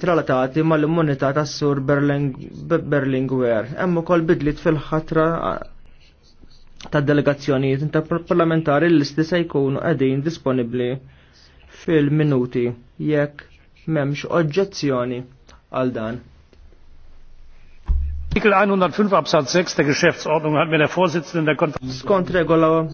tralatati l immunità tas-sur Berlingwer. Hemm ukoll bidlit fil-ħatra ta' delegazzjonijiet interparlamentari l-listi se jkunu qegħdin disponibbli fil-minuti jekk m'hemmx oġġezzjoni għal dan. Artikel 105 Absatz 6 der Geschäftsordnung hat mir der Vorsitzende der Konferenz. Skont regola